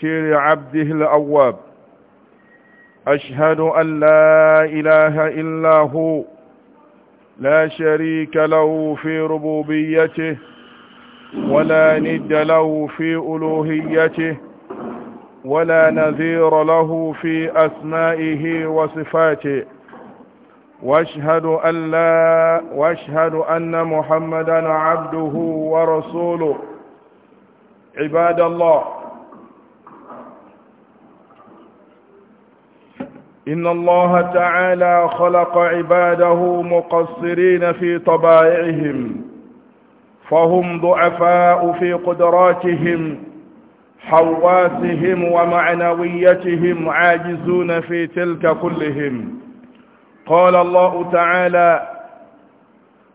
تير عبده الأواب أشهد أن لا إله إلا هو لا شريك له في ربوبيته ولا ند له في ألوهيته ولا نذير له في أسمائه وصفاته واشهد أن لا واشهد أن محمدا عبده ورسوله عباد الله إن الله تعالى خلق عباده مقصرين في طبائعهم فهم ضعفاء في قدراتهم حواسهم ومعنويتهم عاجزون في تلك كلهم قال الله تعالى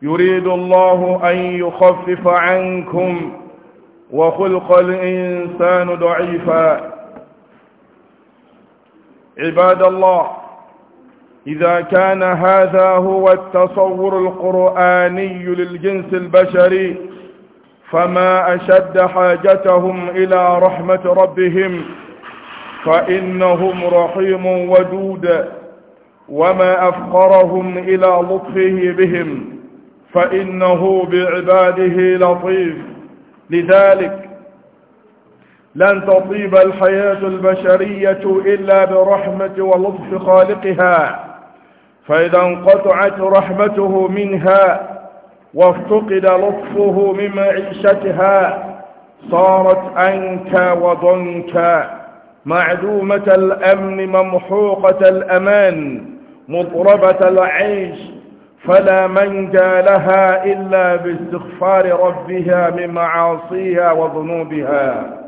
يريد الله أن يخفف عنكم وخلق الإنسان ضعيفاً عباد الله إذا كان هذا هو التصور القرآني للجنس البشري فما أشد حاجتهم إلى رحمة ربهم فإنهم رحيم ودود وما أفقرهم إلى لطفه بهم فإنه بعباده لطيف لذلك لن تطيب الحياة البشرية إلا برحمة ولطف خالقها فإذا انقطعت رحمته منها وافتقد لطفه من معيشتها صارت أنكى وضنكى معدومة الأمن ممحوقة الأمان مضربة العيش فلا منجى لها إلا باستغفار ربها من معاصيها وذنوبها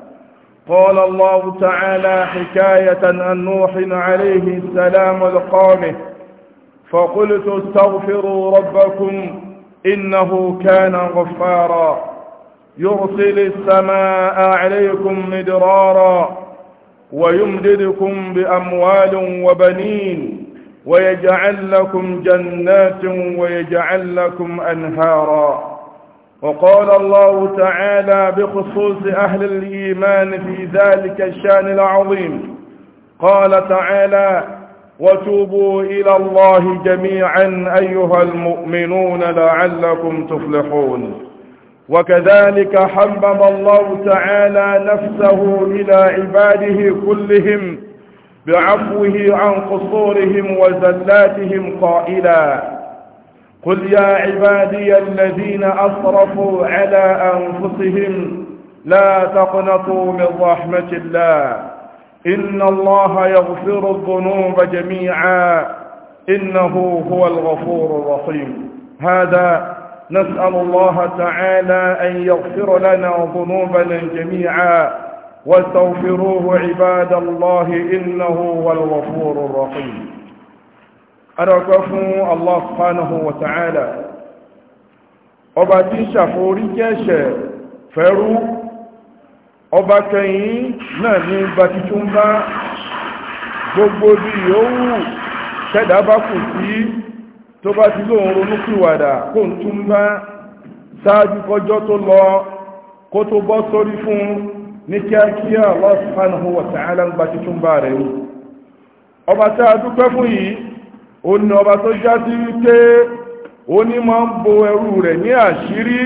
قال الله تعالى حكاية عن نوح عليه السلام لقومه فقلت استغفروا ربكم إنه كان غفارا يرسل السماء عليكم مدرارا ويمددكم بأموال وبنين ويجعل لكم جنات ويجعل لكم أنهارا وقال الله تعالى بخصوص أهل الإيمان في ذلك الشان العظيم قال تعالى وتوبوا إلى الله جميعا أيها المؤمنون لعلكم تفلحون وكذلك حبب الله تعالى نفسه إلى عباده كلهم بعفوه عن قصورهم وزلاتهم قائلاً قل يا عبادي الذين أسرفوا على أنفسهم لا تقنطوا من رحمة الله إن الله يغفر الذنوب جميعا إنه هو الغفور الرحيم هذا نسأل الله تعالى أن يغفر لنا ذنوبنا جميعا واستغفروه عباد الله إنه هو الغفور الرحيم adọ́pẹ́ fún Allah subhanahu wa ta'ala ọba tí ṣàforí jẹ́ṣẹ̀ fẹ́rú ọba kẹyìn náà ní bá títún bá gbogbo bí yóò ṣẹ̀dá bá kù sí tó bá ti lóun ronú kó ń tún sáájú kọjọ́ tó lọ kó tó bọ́ sórí fún ní kíákíá Allah subhanahu wa ta'ala ń bá rẹ̀ ọba tá a dúpẹ́ fún yìí ó ní ọba tó já sí wípé ó ní máa ń bo ẹrú rẹ̀ ní àṣírí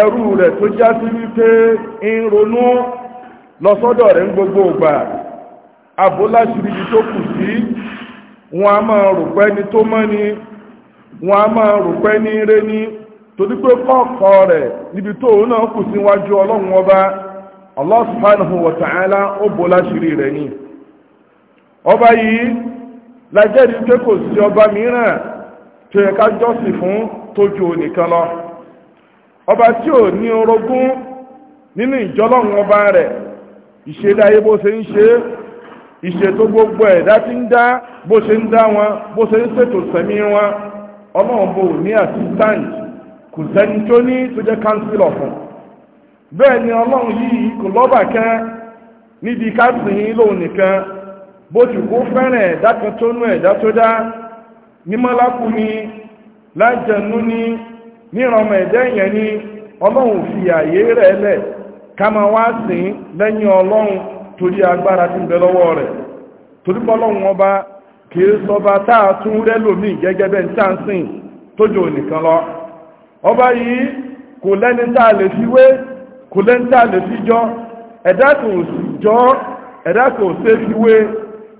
ẹrú rẹ̀ tó já sí wípé ń ronú lọ́sọ́dọ̀ rẹ̀ ń gbogbo ògbà àbó tó kù sí wọn a máa rò pé ni tó mọ́ ni wọn a máa rò pé ni torí pé kọ́ọ̀kọ́ rẹ̀ níbi tó òun náà kù síwájú ọlọ́run ọba Allah subhanahu ó bo ni lájẹ́rí pé kò sí ọba mìíràn tó yẹ ká jọ́sìn fún tójú onìkan lọ ọba tí ò ní orogún nínú ìjọlọ́run ọba rẹ̀ ìṣẹ̀dá ayé bó ṣe ń ṣe ìṣètò gbogbo ẹ̀dá tí ń dá bó ṣe ń dá wọn bó ṣe ń ṣètò sẹ̀mí wọn ọlọ́run bò ní assistant kò sẹ́ni tó ní tó jẹ́ bẹ́ẹ̀ ni ọlọ́run yìí kò lọ́bà níbi ká sìn ín lóun nìkan bó ti kó fẹ́rẹ̀ ẹ̀dá tó nú ẹ̀dá tó dá ní ni lájẹ̀nú ni níranmọ̀ ẹ̀dá èèyàn ni ọlọ́run fi àyè rẹ̀ lẹ̀ kama wá lẹ́yìn ọlọ́run torí agbára tí bẹ lọ́wọ́ rẹ̀ ọba kìí táà tún rẹ́ gẹ́gẹ́ bẹ́ẹ̀ ọba yìí kò lẹ́ni tá a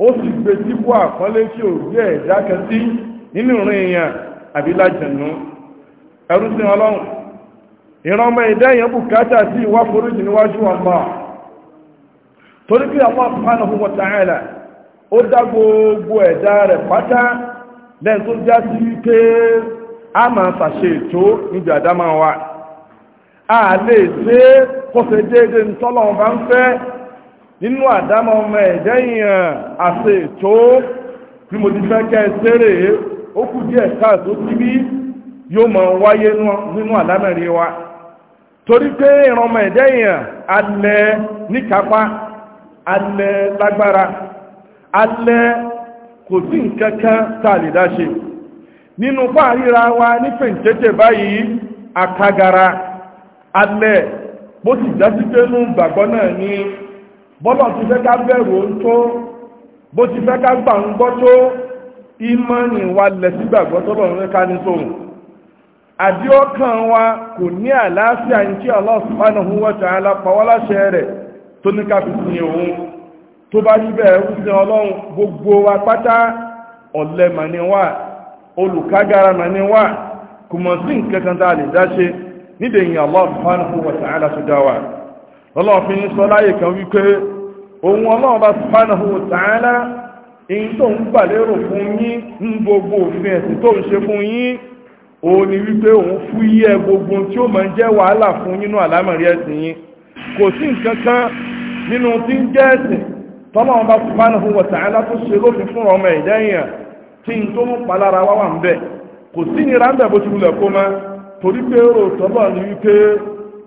ó sì gbé sípò àpọ́nlé tí ò gbé ẹ̀dá kan nínú ìrìn èèyàn àbí lájẹ̀nú ọlọ́run ìran ẹ̀dá èèyàn bùkátà sí ìwá foríjì níwájú ọmọ torí pé ó dá gbogbo ẹ̀dá rẹ̀ pátá lẹ́yìn tó já sí wípé a máa ètò níbi wa a lè ṣe kọ́sẹ̀ déédéé tọ́lọ́run bá ń fẹ́ nínú àdámọ́ ọmọ ẹ̀jẹ̀ yìnyàn àṣẹ ètò bí mo ti fẹ́ kẹ́ ẹ sẹ́rẹ̀ ó kù díẹ̀ káàtó síbí yóò mọ̀ wáyé nínú àdámẹ́rí wa torí pé ìran ọmọ ẹ̀jẹ̀ yìnyàn alẹ́ níkápá alẹ́ lágbára alẹ́ kò sí nǹkan kan tá a lè dá ṣe nínú fàríra wa ní fèǹtẹ́tẹ̀ báyìí akágara alẹ́ bó ti dá sí pé nù gbàgbọ́ náà ní bọ́lọ̀ ti fẹ́ ká bẹ̀rù ó tó bó ti fẹ́ ká gbà ń gbọ́ tó wa lẹ̀ sígbàgbọ́ tọ́lọ̀ ń ká ní tóun àdíọ́kàn wa kò ní àlàáfíà ní kí Allah subhanahu wa pa wá láṣẹ rẹ̀ tó ní ká òun tó gbogbo wa pátá ọ̀lẹ mà ní wà mà ní wà sí ọlọ́ọ̀fin sọ láyé kan wípé ohun ọlọ́ọ̀bá subhanahu wa ta'ala in tó ń gbàlérò fún yín ń gbogbo òfin ẹ̀sìn tó ń ṣe fún yín ó ní wípé òun fúyẹ́ gbogbo tí ó máa ń jẹ́ wàhálà fún nínú àlámọ̀rí ẹ̀sìn yín kò sí nǹkan kan nínú tí ń jẹ́ ẹ̀sìn tọ́lọ́wọ́n bá subhanahu wa ta'ala tó ṣe lófin fún ọmọ ẹ̀dá èèyàn tí n tó mú palára wá wà ń bẹ̀ kò sí nira ń bẹ̀ bó ti wulẹ̀ kó mọ́ torí pé rò tọ́lọ́ ní wípé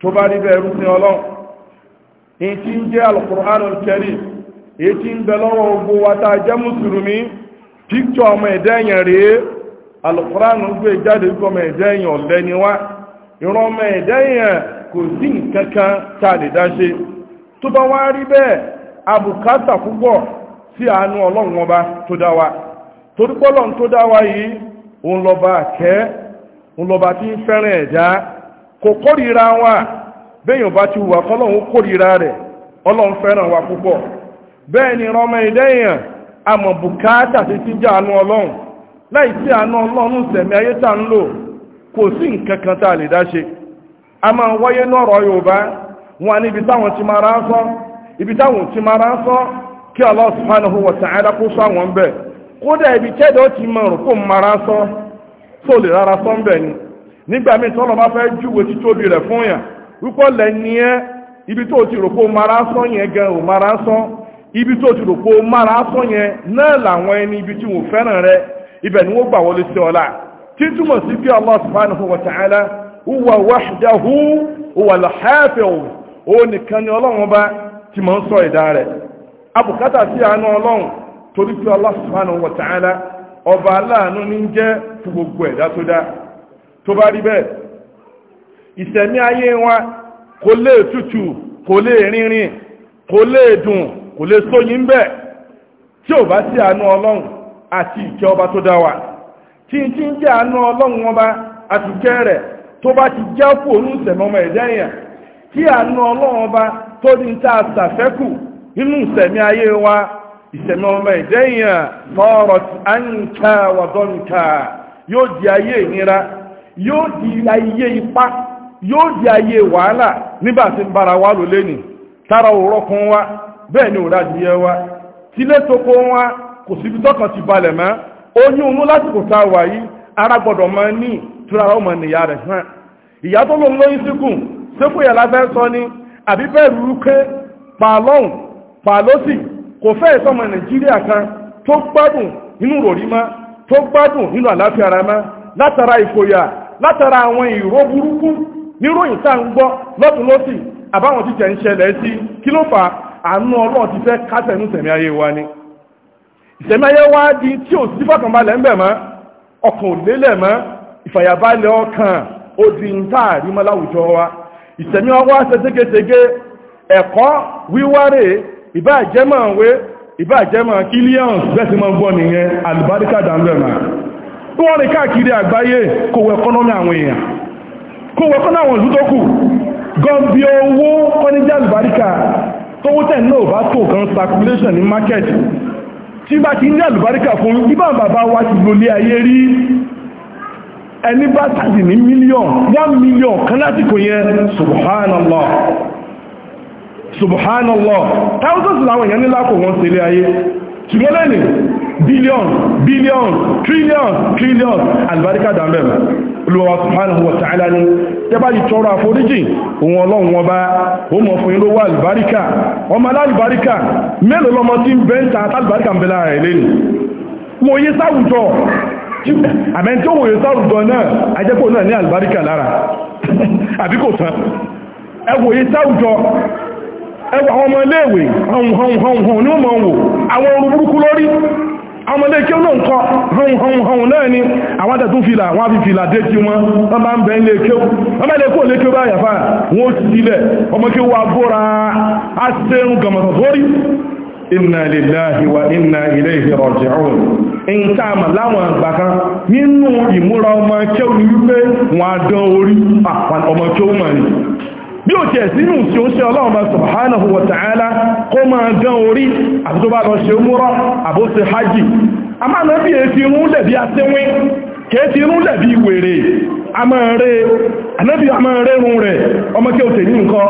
tó bá rí bẹ̀rù sí ọlọ́run èyí tí ń jẹ́ Al-Qur'anul Karim èyí tí ń bẹ lọ́wọ́ ogun wata jẹ́ mùsùlùmí píkṣọ ọmọ ẹ̀dẹ́ èèyàn rèé Al-Qur'anul gbé jáde kọ ọmọ ẹ̀dẹ́ èèyàn ọ̀lẹ́ni wá ìran ọmọ ẹ̀dẹ́ èèyàn kò sí nǹkan kan tá a lè dá ṣe tó bá wá rí bẹ́ẹ̀ abùkátà púpọ̀ sí àánú ọlọ́run ọba tó dá wa torípọ́lọ́n tó dá wa yìí òun lọ́ba àkẹ́ òun lọ́ba tí ń fẹ́ràn ẹ̀dá kò kórìíra wa béèyàn bá ti wà kọ́lọ́hún kórìíra rẹ̀ ọlọ́run fẹ́ràn wa púpọ̀ bẹ́ẹ̀ ni rọmọ ìdẹ́yàn àmọ́ bùkátà ti ti jẹ́ àánú ọlọ́run láì sí àánú ọlọ́run sẹ̀mí ayé tà ń kò sí nǹkan kan a lè dá a máa wáyé yorùbá wọn ni ibi táwọn ti sọ ibi táwọn ti máa rán sọ kí ibi ti rò kó sọ rárá sọ nígbà míì tọ́lọ̀ bá fẹ́ júwe títóbi rẹ̀ fún yàn wípọ́ lẹ́ni ẹ́ ibi tó ti rò pé o mara sán yẹn gan o mara sán ibi tó ti rò pé o mara sán yẹn náà làwọn ẹni ibi tí wọ́n fẹ́ràn rẹ ibẹ̀ ni wọ́n gbà wọlé sí ọlá títúmọ̀ sí bí Allah subhanahu wa ta'ala huwa wahdahu huwa al-hafiz òun nìkan ni ọlọ́run bá ti máa ń sọ ìdá rẹ̀ abùkátà sí àánú ọlọ́run torí pé Allah subhanahu wa ta'ala ọba aláàánú ní jẹ́ gbogbo ẹ̀dá tó dá tó bá rí bẹ́ẹ̀ ìsẹ̀mí ayé kò lè tútù kò lè rínrin kò lè dùn kò lè sóyin bẹ́ẹ̀ tí ò bá sí àánú ọlọ́run àti ọba tó dá wa tí tí ń àánú ọlọ́run ọba rẹ̀ tó ti já kú òun ìsẹ̀mọ́ ọmọ ẹ̀dá èèyàn tí àánú ọlọ́run ọba tó ní tá a nínú ìsẹ̀mí ayé wa ìsẹ̀mí ọmọ ẹ̀dá èèyàn tọrọ àǹkà wàdọ́nkà yóò di ayé ìnira yóò di ayé ipá yóò di ayé wàhálà nígbà tí ń bára wa lò lẹ́nì tára òrọ́ kan wá bẹ́ẹ̀ ni òrà adìyẹ wa tílé toko wa kò síbi tọ́kàn ti balẹ̀ mọ́ oyún inú lásìkò tá a wà yìí ara gbọ́dọ̀ máa ní ìtura ọmọ nìyá rẹ̀ hàn ìyá tó lóun lóyún síkùn sékù yẹn lábẹ́ sọ ni àbí bẹ́ẹ̀ rúkẹ́ pàlọ́hùn pàlọ́sì kò fẹ́ ìsọmọ nàìjíríà kan tó gbádùn inú ròrí mọ́ tó gbádùn inú àlàáfíà ara mọ́ látara ìkòyà látara àwọn ìró burúkú níròyìn tá à ń gbọ́ lọ́tún lọ́sì àbáwọn títẹ̀ ń ṣẹlẹ̀ sí kí ló fà àánú ọlọ́run ti fẹ́ kásẹ̀nú tẹ̀mí ayé wa ni ìṣẹ̀mí ayé wa di tí ò sí fọkànbalẹ̀ ń bẹ̀ mọ́ ọkàn ò lélẹ̀ mọ́ ìfàyàbalẹ̀ ọkàn ó di ń tà àrímọ́ láwùjọ wa ìṣẹ̀mí ọwọ́ ṣe ségesège ẹ̀kọ́ wíwárè ìbáàjẹ́mọ̀ ìwé ìbáàjẹ́mọ̀ kílíọ̀nù bẹ́ẹ̀ ti mọ́ gbọ́ nìyẹn àlùbáríkà dàmbẹ̀mọ̀ kó wọ́n rìn káàkiri àgbáyé kó wọ ẹkọ́nọ́mì àwọn èèyàn kó wọ ẹkọ́nọ́mì àwọn ìlú tó kù gọ́ọ̀bí owó kọ́níjà àlùbáríkà tówó tẹ̀ náà bá tó kan circulation ní market tí bá ti ní àlùbáríkà fún ibà bàbá wa ti lólé ayé rí ẹni bá tàbí ní mílíọ̀n 1 mílíọ̀n kan lásìkò yẹn subhanallah subhanallah thousands láwọn èèyàn nílá kò wọ́n sílé ayé ṣùgbọ́n lẹ́nìí billion billion trillion trillion albarika dambẹ̀rẹ̀ olùwà subhanahu wa ta'ala ni tẹ́bá yìí tọrọ àforíjì òun ọlọ́run wọn bá ó mọ̀ fún ilówó albarika ọmọ alálìbarika mélòó lọmọ tí ń bẹ́ńtà alálìbarika ń bẹ̀lá rẹ̀ lẹ́nu wòye sáwùjọ àmẹ́ tí ó wòye sáwùjọ náà ajẹ́kò náà ní albarika lára àbí kò tán ẹwòye sáwùjọ ẹwà ọmọ iléèwé hàn hàn hàn ní ó mọ̀ wò àwọn orúburúkú lórí ọmọdé kí ó náà kọ hànhànhàn náà ni àwọn àtẹ̀tún fìlà wọ́n fi fìlà dé tí wọ́n wọ́n bá ń bẹ̀ ilé kí ó wọ́n bá lè kó lè kí ó bá yàfà wọ́n ti sílẹ̀ ọmọ kí ó wà bóra á sẹ́rùn gàmọ̀tọ̀ sórí inna lillahi wa inna ilayhi bí ó tẹ̀ sínú tí ó ṣe ọlọ́run bá subhanahu wa ta'ala kó máa gán orí àti tó bá lọ ṣe múrọ́ àbóṣe hajji a máa náà bí i ti rún lẹ̀bí asínwín kèéti irun lẹ̀bí wèrè anábí a máa rẹ́rùn rẹ̀ ọmọ kí o tè ní nǹkan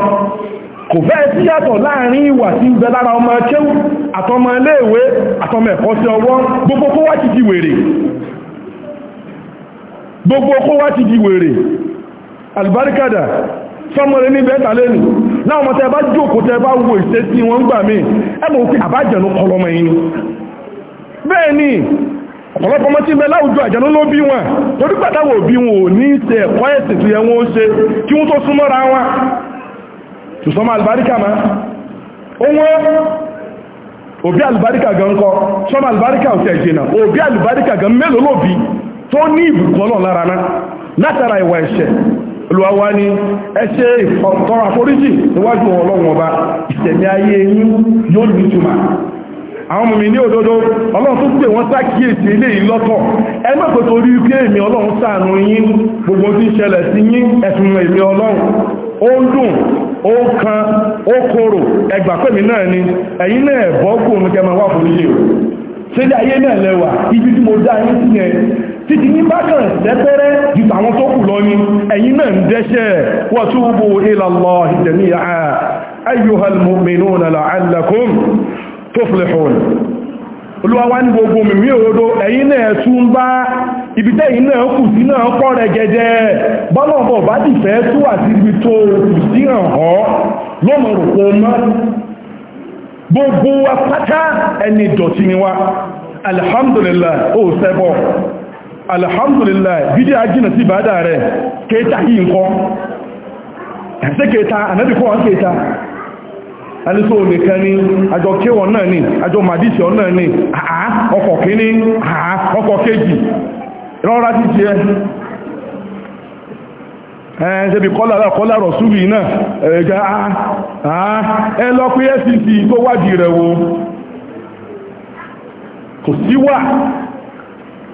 gbogbo kó wá ti di wèrè albarkada sọmọrin ní bẹ́ẹ̀ta lẹ́nu náà ọmọ tẹ́ bá jókòó tẹ́ bá wo ìṣẹ́ tí wọ́n gbà mí ẹmọ̀ òkè àbájẹ̀nú kọlọmọ yìí bẹ́ẹ̀ ni ọ̀pọ̀lọpọ̀ tí ń bẹ láwùjọ ló bí wọn torí pàtàwò bí wọn ò ní ṣe ẹ̀kọ́ ẹ̀sìn tó yẹ wọn olùwàwá ni ẹ ṣe ìtọrọ àforíjì níwájú ọlọ́run ọba ìṣẹ̀mí ayé yín yóò ní túmà àwọn mùmí ní òdodo ọlọ́run tó pè wọ́n sákìyèsí ilé yìí lọ́tọ̀ ẹgbẹ́ kò torí pé èmi ọlọ́run ṣàánú yín gbogbo tí ń ṣẹlẹ̀ sí yín ẹ̀sùn èmi ọlọ́run ó ń dùn ó kan ó korò ẹgbà náà ni ẹ̀yin náà ẹ̀bọ́ kò ní kẹ́ máa wà fún ilé o ṣé títí yí bá kàn lẹ́pẹ́rẹ́ jù àwọn tó kù lọ ní ẹ̀yin náà ń dẹ́ṣẹ̀ wa tubu ila Allahi jami'a ayyuhal mu'minuna la'allakum tuflihun olúwa wá ní gbogbo mìí òdodo ẹ̀yin náà tún bá ibi tẹ́yìn náà kù sí náà pọ̀ rẹ̀ tó àti ibi tó kù gbogbo wa ẹni dọ̀tí ni wa alhamdulillah ó sẹ́bọ̀ alhamdulillah bidi ajina ti ba da re ke ta yi nko se ke ta anabi ko an ke ta ani so ni kani ajo na ni ajo madisi on na ni ah ah oko kini ah oko keji rora ti ti eh bi kola la kola rasuli na e ga ah ah eh, sisi ko wadi wo ko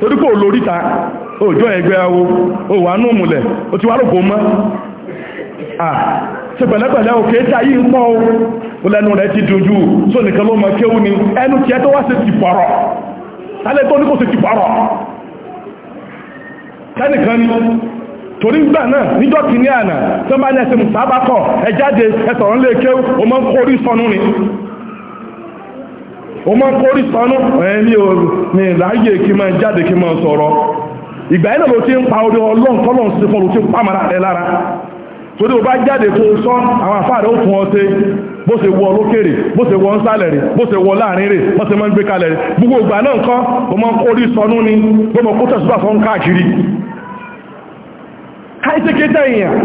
torí kò lóríta òjò ẹgbẹ́ awo òwà wa múlẹ̀ ó ti wá rògbò mọ́ ṣe pẹ̀lẹ́pẹ̀lẹ́ òkè tí ayé ń pọ́ o lẹ́nu rẹ̀ ti dojú tó nìkan ló mọ̀ kéwú ni ẹnu tí ẹ tó wá ti pọ̀rọ̀ ni torí gbà náà níjọ́ kìíní àná tó bá ní ẹsẹ̀ lè kéwú o mọ́ kórí sọnú ni wọ́n máa kórí sánú ẹ̀mí ní ìláyé kí máa jáde kí máa sọ̀rọ̀ ìgbà yìí ló ń pa orí ọlọ́run tọ́lọ̀ sí fún olùtí pàmàrà rẹ lára torí o bá jáde tó sọ àwọn àfáà rẹ ó fún ọ bó ṣe wọ bó ṣe wọ nsàlẹ̀ rẹ bó ṣe wọ láàrin rẹ bó ṣe máa ń gbé kalẹ̀ rẹ gbogbo ìgbà náà máa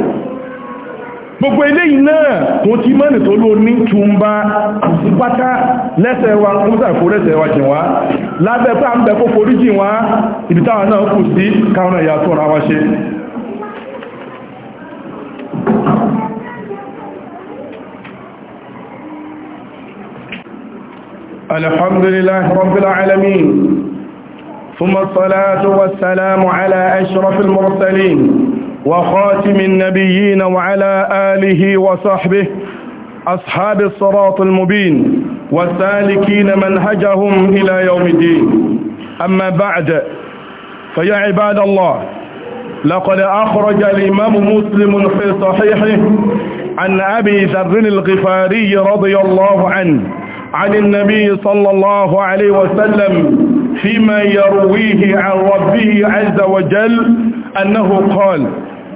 gbogbo eléyìí náà tó ti mọ́nì tó ló ní túnbá pátá lẹ́sẹ̀ wa kúmọ́sà kó lẹ́sẹ̀ wa jìn wá lábẹ́ pé à ń bẹ kó forí jìn wá ibi táwọn náà kù sí káwọn ìyàtọ̀ ra wa ṣe الحمد لله رب العالمين ثم الصلاة والسلام على أشرف المرسلين وخاتم النبيين وعلى آله وصحبه أصحاب الصراط المبين والسالكين منهجهم إلى يوم الدين أما بعد فيا عباد الله لقد أخرج الإمام مسلم في صحيحه عن أبي ذر الغفاري رضي الله عنه عن النبي صلى الله عليه وسلم فيما يرويه عن ربه عز وجل أنه قال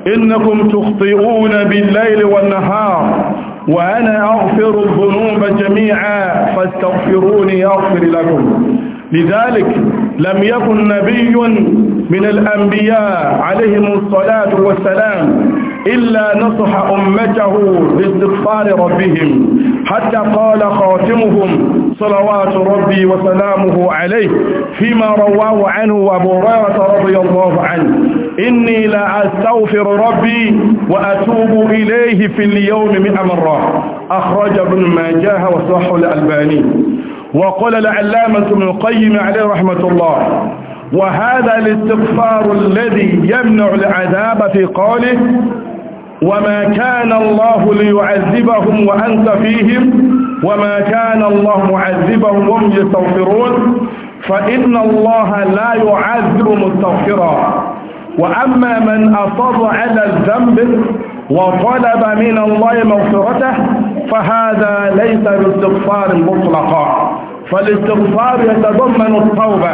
إنكم تخطئون بالليل والنهار وأنا أغفر الذنوب جميعا فاستغفروني أغفر لكم لذلك لم يكن نبي من الأنبياء عليهم الصلاة والسلام إلا نصح أمته باستغفار ربهم حتى قال خاتمهم صلوات ربي وسلامه عليه فيما رواه عنه أبو هريرة رضي الله عنه إني لا أستغفر ربي وأتوب إليه في اليوم مئة مرة أخرج ابن ماجاه وصح الألباني وقال العلامة من القيم عليه رحمة الله وهذا الاستغفار الذي يمنع العذاب في قوله وما كان الله ليعذبهم وأنت فيهم وما كان الله معذبهم وهم يستغفرون فإن الله لا يعذب مستغفرا وأما من أصر على الذنب وطلب من الله مغفرته فهذا ليس باستغفار مطلقا فالاستغفار يتضمن التوبة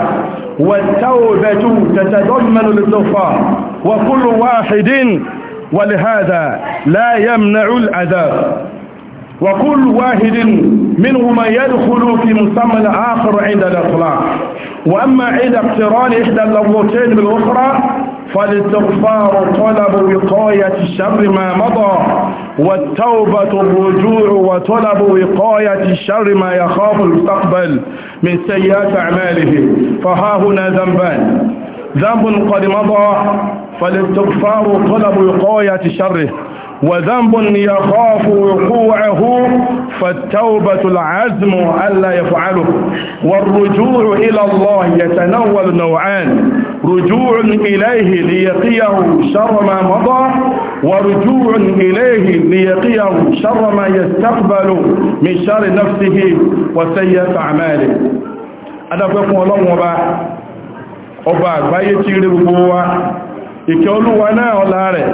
والتوبة تتضمن الاستغفار وكل واحد ولهذا لا يمنع العذاب وكل واحد منهما يدخل في مسمى الآخر عند الإطلاق وأما عند اقتران إحدى اللغتين بالأخرى فالاستغفار طلب وقاية الشر ما مضى والتوبة الرجوع وطلب وقاية الشر ما يخاف المستقبل من سيئات أعماله فها هنا ذنبان ذنب قد مضى فالاستغفار طلب وقاية شره وذنب يخاف وقوعه فالتوبة العزم ألا يفعله والرجوع إلى الله يتنول نوعان رجوع إليه ليقيه شر ما مضى ورجوع إليه ليقيه شر ما يستقبل من شر نفسه وسيئة أعماله أنا أقول الله وبا وبا بايتي يتيري بقوة يكي أولو أنا أولا رأي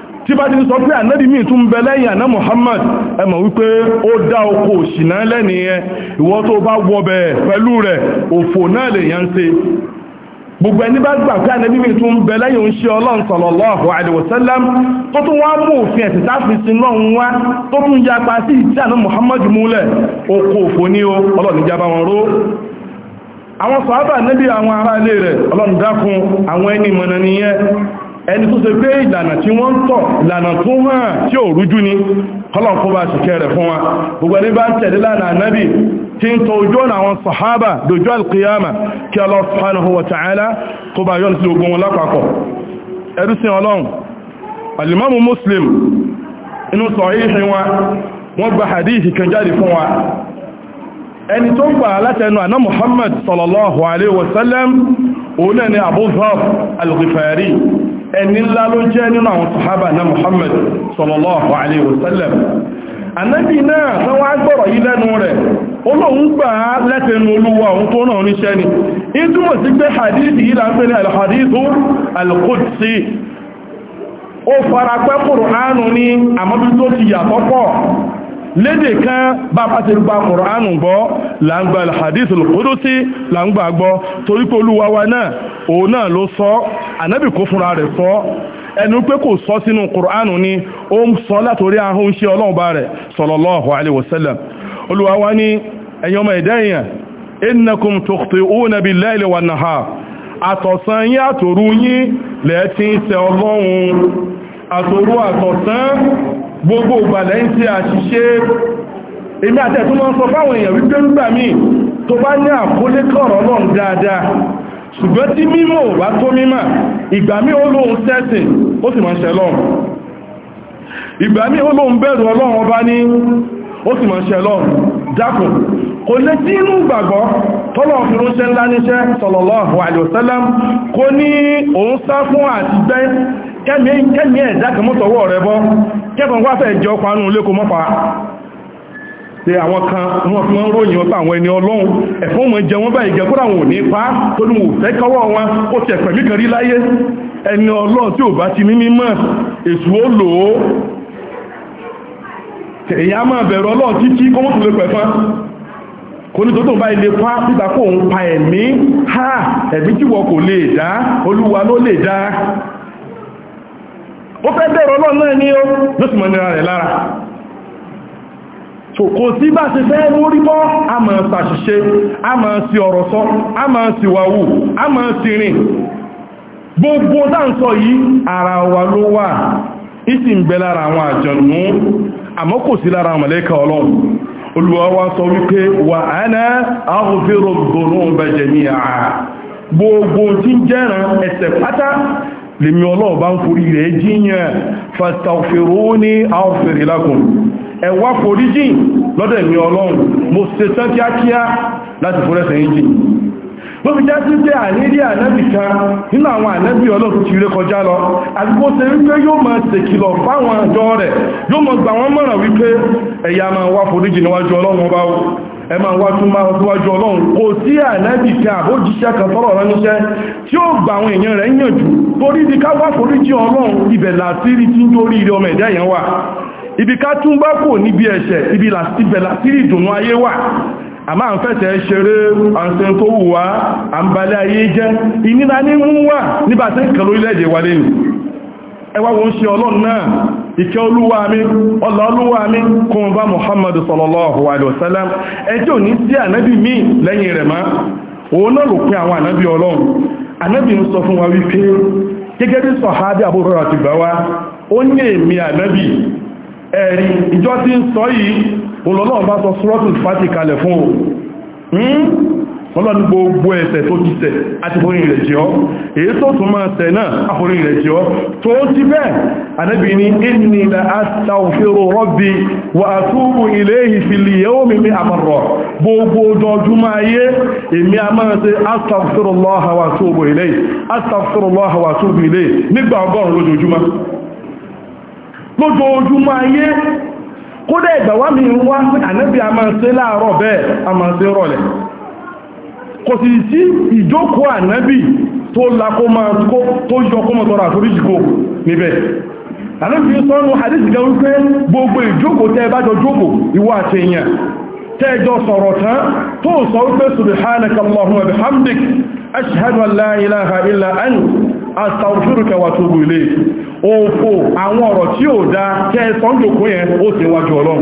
tí bá ti sọ pé ànábì míì tún bẹ lẹ́yìn àná Muhammad ẹ mọ̀ wípé ó dá oko òṣìná lẹ́ni ẹ ìwọ tó bá wọbẹ̀ pẹ̀lú rẹ̀ òfò náà lè yàn ṣe gbogbo ẹni bá gbà pé ànábì míì tún bẹ lẹ́yìn oúnṣẹ́ Ọlọ́run Muhammad múlẹ̀ oko òfò o Ọlọ́run jábá wọn ró àwọn sọ̀hábà níbi àwọn ará ilé rẹ̀ Ọlọ́run dákun àwọn ẹni mọ̀nà nìyẹn ẹni tó ṣe pé ìlànà tí wọ́n ń tọ̀ ìlànà tó hàn tí ò rújú ni kọ́lọ̀kọ́ bá ṣìkẹ́ rẹ̀ fún wa gbogbo ẹni bá ń tẹ̀lé lánà nábì tí ń tọ ojú ọ̀nà àwọn sàhábà dojú alkiyama kí Allah subhanahu wa ta'ala kó bá yọ́n sí ogun wọn lápapọ̀ ẹrúsìn ọlọ́run alimamu ẹni ńlá ló jẹ́ nínú àwọn sàhábà náà Muhammad sallallahu alaihi wasallam ànábì náà tán wá gbọ́rọ̀ yí lẹ́nu rẹ̀ olóhun gbà á lẹ́tẹnu olúwa òun tó náà níṣẹ́ ni ìdúmọ̀ sí pé hadithi yìí láńpẹ́ ní alhadithu alqudsi ó farapẹ́ kùrùnánù ní àmọ́bí tó ti yàtọ̀ pọ̀ lédè kan bàbá ti gba Kùránù gbọ́ là ń gba hadith al-Qudusi là ń gbà gbọ́ torí pé olúwa wa náà òun náà ló sọ ànábì kó fúnra rẹ̀ sọ ẹnu pé kò sọ sínú Kùránù ni ó ń sọ látòrí ahọ́n ń ọlọ́run bá rẹ̀ sallallahu alaihi wasallam olúwa wa ní ẹ̀yin ọmọ ẹ̀dá èèyàn innakum tukhti'una bil-layli wan-nahar àtọ̀sán yín àtòrú yín lẹ́ẹ̀tí ń ṣẹ̀ ọlọ́run àtòrú àtọ̀sán gbogbo ìgbàlẹ̀ ń tí a ṣiṣẹ́ èmi àtẹ́tún máa ń sọ fáwọn èèyàn wípé rúgbà míì tó bá ní àkólé kọ̀rọ̀ náà dáadáa ṣùgbọ́n tí mímọ̀ wá tó mímọ̀ ìgbà míì ó lóun sẹ́sìn ó sì máa ń ṣẹ lọ́run ìgbà míì ó lóun bẹ̀rù ọlọ́run ọba ní ó sì sallallahu alaihi wasallam kò ní òun sá fún àti gbẹ́ kẹ́mí ẹ̀dá kan mọ́tọ̀wọ́ rẹ̀ bọ́ kẹ́bọn wá fẹ́ jọ panú lékò mọ́pa pé àwọn kan wọ́n fi wọ́n ròyìn ọpá àwọn ẹni ọlọ́run ẹ̀fọ́n mọ̀ jẹ wọ́n báyìí gẹ̀kúrà wọn ò ní pa tó ní òfẹ́ kọwọ́ wọn ó ti ẹ̀pẹ̀mí kan rí láyé ẹni ọlọ́run tí ò bá ti mímí mọ̀ èsù ó lò ó èyí á máa bẹ̀rù ọlọ́run títí kó mọ́tò lè pẹ̀fán kò ní tó tó bá ilé pa síta kó òun pa ẹ̀mí ha ẹ̀mí tí wọ́n kò lè dá olúwa ló lè dá ó fẹ́ bẹ̀rọ náà náà ní ó lóṣùmọ̀ rẹ̀ lára so kò sí bá ṣe fẹ́ mórí bọ́ a máa ṣàṣìṣe a sí ọ̀rọ̀ sọ a máa sí wàwù a máa sí rìn gbogbo dáǹsọ yìí ara wa ló wà ìsìn bẹ lára àwọn àjọ̀nú àmọ́ kò sí lára màlẹ́kà lèmi ọlọ́run bá ń forí rẹ̀ jíyàn fastaghfiruni aghfir lakum ẹ wá forí jìn lọ́dọ̀ èmi ọlọ́run mo ṣe tán kíákíá láti fọ́rẹ́sẹ̀ yìí jìn ló fi jásí pé àníri ànábì kan nínú àwọn ànábì ọlọ́run ti ré kọjá lọ àdúgbò ṣe wípé yóò máa ṣèkìlọ̀ fáwọn àjọ rẹ̀ yóò máa gbà wọ́n mọ̀ràn wípé ẹ̀yà máa wá foríjì níwájú ọlọ́run ọba ẹ máa wá tún máa wájú ọlọ́run kò sí ànábì kan àbójíṣẹ́ kan tọ́rọ̀ ránníṣẹ́ tí ó gba àwọn èèyàn rẹ̀ yànjú torí ibi ká wá foríjì ọlọ́run ibẹ̀ làtírí tí ń torí ire ọmọ ẹ̀dá yẹn wà ibi ká tún bá kò níbi ẹ̀ṣẹ̀ ibi ibẹ̀ làtírí ìdùnnú ayé wà àmá ń fẹ́sẹ̀ ṣeré àǹsẹ̀ tó wù wá àǹbalẹ̀ ayé jẹ́ ìnira ní mú wà nígbàtí nǹkan èdè wa lẹ́nu ẹwà wọn ṣe ọlọ́run náà ìkẹ́ olúwa mi ọla olúwa mi kún bá muhammadu sallallahu alaihi wasallam ẹjọ́ ní sí ànábì mi lẹ́yìn rẹ̀ máa òun náà ló pín àwọn ànábì ọlọ́run ànábì ń sọ fún wa wípé gẹ́gẹ́ bí sọ̀hábí àbúrò bi o anabi. Hmm? Eri wọ́n ní gbogbo ẹ̀ṣẹ̀ tó ti tẹ̀ àti forín rẹ̀ jẹ́ ọ́ èyí tó tún máa tẹ̀ náà àforín rẹ̀ jẹ́ ọ́ tó ti bẹ́ẹ̀ Ànábì ní inni la astaghfiru rabbi wa atubu ilayhi fil yawmi mi'a marra gbogbo ọjọ́júmọ́ ayé èmi a máa ṣe astaghfirullah wa atubu ilayhi astaghfirullah wa atubu ilayhi nígbà ọgọ́rùn lójoojúmọ́ lójoojúmọ́ ayé kódẹ̀ ìgbàwámi wá Ànábì a máa ṣe láàárọ̀ bẹ́ẹ̀ a máa ṣe kò sì sí ìjókòó ànábì tó lakó máa kó tó yọ kó mọ̀ tọrọ àforíjì kó níbẹ̀ ànábì sọ́nù hadith gan wípé gbogbo ìjókòó tẹ́ bá jọ jókòó ìwọ àti èèyàn tẹ́jọ sọ̀rọ̀ tán tó sọ wípé subhanaka allahumma bihamdik ashhadu an ilaha illa anta astaghfiruka wa atubu ilayk òfò àwọn ọ̀rọ̀ tí ò dá tẹ́ sọ́njòkó yẹn ó sì wájú ọlọ́run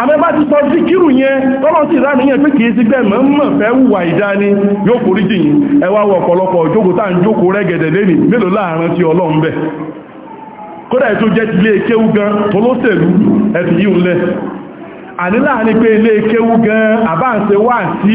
àmẹ́bá ti sọ sí kírù yẹn tọ́lọ́ sí ìrànìyàn pé kìí sí gbẹ̀mọ́ fẹ́ wùwà yóò forí jìyìn ẹwà wọ ọ̀pọ̀lọpọ̀ òjókòó ń jókòó rẹ́gẹ̀dẹ̀ lẹ́nì mélòó láàrin ti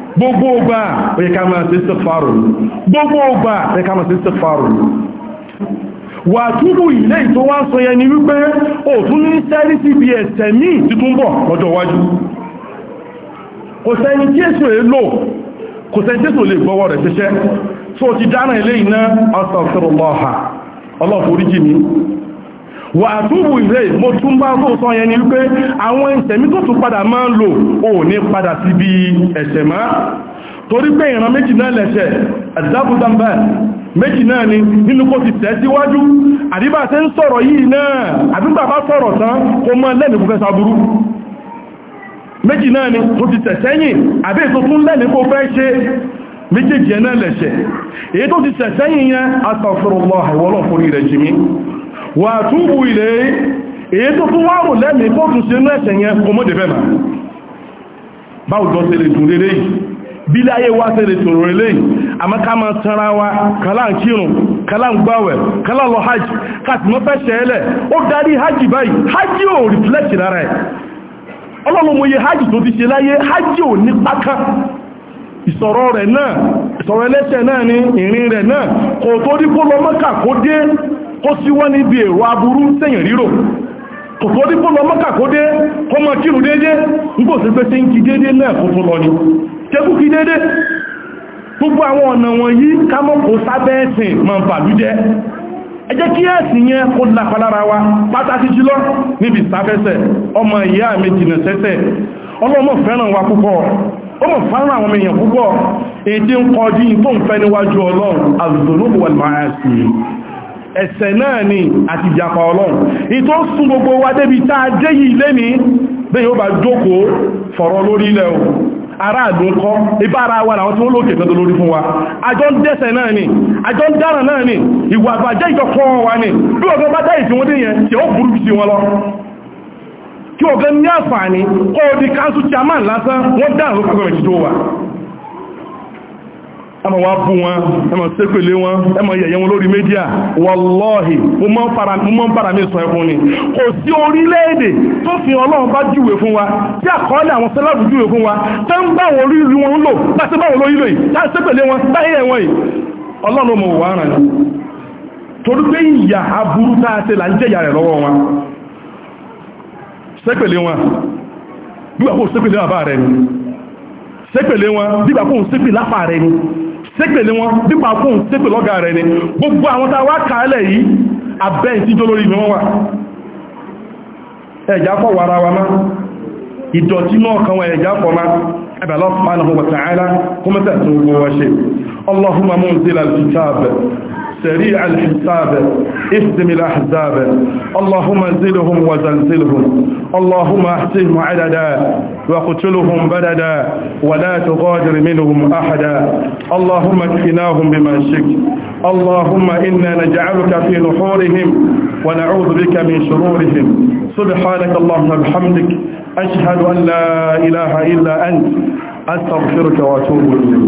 gbogbo ọgbà onye ká máa ṣe istighfaru gbogbo ọgbà onye ká máa wà túbù ilé ìtò wá sọ yẹn ni wípé ò tún ní sẹ́rí sí bí ẹ̀sẹ̀ míì títún bọ̀ lọ́jọ́ wájú kò sẹ́ni tí èso è lò kò sẹ́ni tí èso lè gbọ́wọ́ rẹ̀ ṣiṣẹ́ tó ti dáná ilé iná astaghfirullah mi wà túbù ilé mo tún bá kó sọ yẹn ni wípé àwọn ìṣẹ̀mí tó tún padà máa ń lò ò ní padà sí bí ẹ̀ṣẹ̀ máa torí pé ìran méjì náà lẹ̀ṣẹ̀ àdìdábùdàmbà méjì náà ni nínú kó ti tẹ̀ síwájú àdíbà tẹ́ ń sọ̀rọ̀ yìí náà àdúgbà bá sọ̀rọ̀ tán kó mọ́ lẹ́nu kò fẹ́ sàbúrú méjì náà ni kó ti tẹ̀ sẹ́yìn àbí ètò tún lẹ́nu kó fẹ́ ṣe méjèèjì náà lẹ̀ṣẹ̀ èyí tó ti tẹ̀ sẹ́yìn yẹn astagfirullah àìwọ́lọ́ forí rẹ̀ wà túbù ilẹ̀ èyí tó tún wá rò lẹ́mìí kó tún sínú ẹ̀ṣẹ̀ yẹn kò mọ́ dẹ̀bẹ̀ náà báwùjọ ṣe lè dùn lélẹ́ yìí bílẹ̀ ayé wá ṣe lè tòrò lélẹ́ yìí ká máa wa kàlá ń kírun kàlá ń gbáwẹ̀ kàlá lọ hajj káàtì mọ́ fẹ́ ṣẹ́ ẹlẹ̀ ó darí hajj báyìí hajj ò rìflẹ́ṣì lára ẹ̀ ọlọ́run mo hajj tó ti ṣe láyé hajj ò ní pákán ìsọ̀rọ̀ rẹ̀ náà ìsọ̀rọ̀ ẹlẹ́ṣẹ̀ náà ni ìrìn rẹ̀ náà kò tó rí kó lọ mọ́kà kó dé ó ti wọ́n níbi èrò aburú tẹ̀yìn ríro kò tó dípò lọ mọ́kà kó dé kó mọ́ kírù déédé nígbò sí pé tí ń kí náà kó tó lọ ni jẹ́kú kí déédé gbogbo àwọn ọ̀nà wọ̀nyí kámọ́kò ma ń je. jẹ́ ẹ kí ẹ̀sìn yẹn kó lápalára wa pàtàkì jùlọ níbi ìsáfẹ́sẹ̀ ọmọ ìyá mi jìnà sẹ́sẹ̀ ọlọ́mọ fẹ́ràn wa púpọ̀ ọmọ fẹ́ràn àwọn èèyàn púpọ̀ èdè ń kọjú tó ń fẹ́ níwájú ọlọ́run ẹ̀ṣẹ̀ náà ni àti ìjàpá ọlọ́run ìtò sún gbogbo wa débi tá a dé yìí lé ní bẹ́ẹ̀ bá jókòó fọ̀rọ̀ lórí ilẹ̀ o ara àdúnkọ́ ibá ara wa làwọn tí ó lókè tọ́tọ́ lórí fún wa àjọ ń dẹ́ṣẹ̀ náà ni àjọ ń dáràn náà ni ìwà àbàjẹ́ ìjọkọ́ wa ni bí ọ̀gọ́ bá dá ìfì wọ́n dé yẹn tí ó burú sí wọn lọ kí ọ̀gọ́ ní àǹfààní kọ́ ọdí káńsù chairman lásán wọ́n dáàrùn pàgọ́rẹ̀ tító ẹmọ wa bú wọn ẹmọ sépèlé wọn ẹmọ yẹ̀yẹ́ wọn lórí mẹ́díà wọlọ́ọ̀hì mo mọ́ ń bára mi sọ ẹkùn ni kò sí orílẹ̀-èdè tó fi ọlọ́run bá júwe fún wa tí àkọọ́lẹ̀ àwọn sẹ́lábù júwe fún wa tẹ́ ń bá wọn orílẹ̀ wọn lò láti bá wọn lórí lò yìí láti sépèlé wọn táyẹ̀ wọn yìí ọlọ́run mọ̀ wà ràn torí pé ìyà aburú sépè ní wọn dípà fún sépè lọ́gà rẹ̀ ni gbogbo àwọn tá wá kàálẹ̀ yìí abẹ́ ìtíjó lórí ni wọ́n wà ẹ̀já fọ́ wa má ìdọ̀tí náà kan wọ ẹ̀já fọ́ má أبا الله سبحانه وتعالى كما تأتوا وشيء اللهم منزل الكتاب سريع الحساب اهزم الأحزاب اللهم انزلهم وزلزلهم اللهم احسهم عددا وقتلهم بددا ولا تغادر منهم أحدا اللهم اكفناهم بما شئت اللهم إنا نجعلك في نحورهم ونعوذ بك من شرورهم سبحانك اللهم وبحمدك أشهد أن لا إله إلا أنت أستغفرك وأتوب إليك